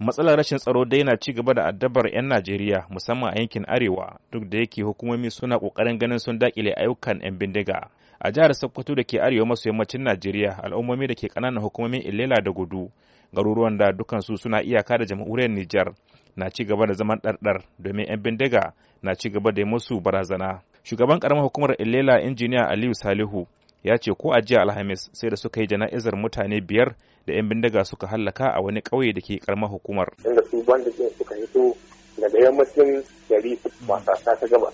matsalar rashin tsaro dai na ci gaba da addabar 'yan Najeriya musamman a yankin Arewa duk da yake hukumomi suna kokarin ganin sun dakile ayyukan 'yan bindiga. A jihar Sokoto da ke arewa maso yammacin Najeriya al'ummomi da ke kananan hukumomin Ilela da Gudu garuruwan da dukansu suna iyaka da jamhuriyar Nijar na ci gaba da zaman ɗarɗar domin 'yan bindiga na ci gaba da musu barazana. Shugaban karamar hukumar Ilela injiniya Aliyu Salihu ya ce ko a jiya alhamis sai da suka yi jana'izar mutane biyar da 'yan bindiga suka hallaka a wani ƙauye da ke karamar hukumar inda su banda suka hito daga yammacin gari wasa ta gaba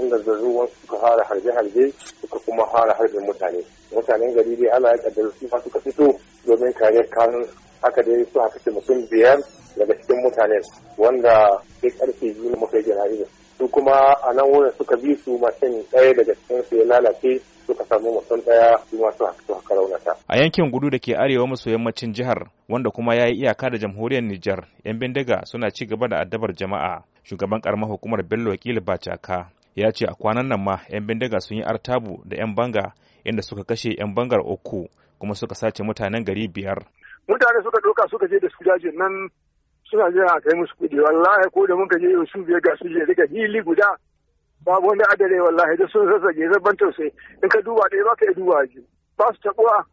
inda zazuwan suka fara harbe-harbe suka kuma fara harbe mutane mutanen gari dai ala ya su suka fito domin kare kan haka dai su haka mutum biyar daga cikin mutanen wanda sai karfe biyu na mafi jana'izar su kuma a nan wurin suka bi su mashin ɗaya daga cikin su ya lalace suka samu mutum ɗaya su masu haka raunata. A yankin gudu da ke arewa maso yammacin jihar wanda kuma ya yi iyaka da jamhuriyar Nijar, 'yan bindiga suna ci gaba da addabar jama'a. Shugaban karamar hukumar Bello Wakil Bacaka ya ce a kwanan nan ma 'yan bindiga sun yi artabu da 'yan banga inda suka kashe 'yan bangar uku kuma suka sace mutanen gari biyar. Mutane suka ɗauka suka je da su daji nan suna jira kai musu kuɗi wallahi ko da muka je yau su biyar ga su je daga hili guda babu wani adare wallahi da sun sassage ban tausayi in ka duba ɗaya ba ka yi duba ba su taɓuwa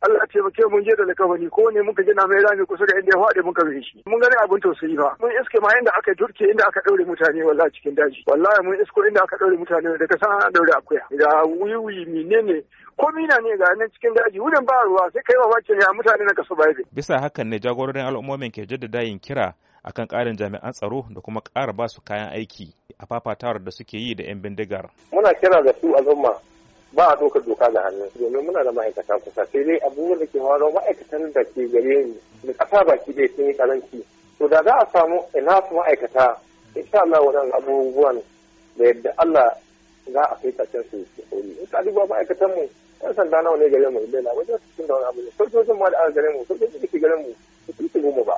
Allah ce muke mun je da lakabani ko ne muka gina mai rami kusa da inda ya faɗi muka bi shi mun gani abin tausayi ba mun iske ma inda aka durke inda aka daure mutane wallahi cikin daji wallahi mun isko inda aka daure mutane daga san an daure akuya da wiwi menene ko mina ne ga nan cikin daji wurin ba ruwa sai kai mamaki ya mutane na kasu bai bisa hakan ne jagororin al'ummomin ke jaddada yin kira akan ƙarin jami'an tsaro da kuma ƙara ba su kayan aiki a fafatawar da suke yi da 'yan bindigar. Muna kira da su al'umma ba a doka doka da hannu domin muna da ma'aikata kusa sai dai abubuwan da ke faruwa ma'aikatan da ke gare ni da kasa baki dai sun yi karanci to da za a samu ina su ma'aikata insha Allah wannan abubuwan da yadda Allah za a kai ƙarshen su su kori in ka duba ma'aikatan mu ɗan sanda nawa ne gare mu ilela wajen su da wani abu ne sojojin ma da aka gare mu sojojin da ke gare mu su su goma ba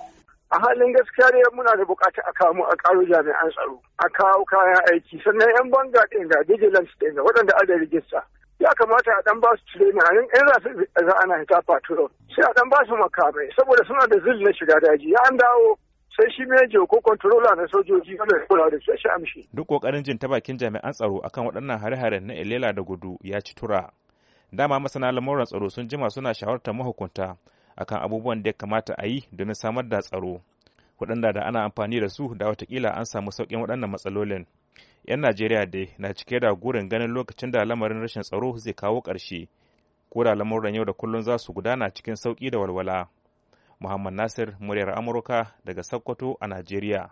a halin gaskiya ne muna da bukatar a kawo a karo jami'an tsaro a kawo kayan aiki sannan yan banga ɗin da vigilance ɗin da waɗanda an da rijista ya kamata a dan ba su ni a in za su za ana hita faturo sai a dan ba su makamai saboda suna da zil na shiga daji ya an dawo sai shi mejo ko kontrola na sojoji wanda ya kula da su shi amshi duk kokarin jin ta bakin jami'an tsaro akan waɗannan hare-haren na elela da gudu ya ci tura dama masana lamuran tsaro sun jima suna shawartar mahukunta akan abubuwan da ya kamata a yi domin samar da tsaro waɗanda da ana amfani da su da watakila an samu sauƙin waɗannan matsalolin 'yan najeriya dai na cike da gurin ganin lokacin da lamarin rashin tsaro zai kawo ƙarshe ko da lamuran yau da kullum za su gudana cikin sauƙi da walwala muhammad nasir muryar amurka daga sokoto a najeriya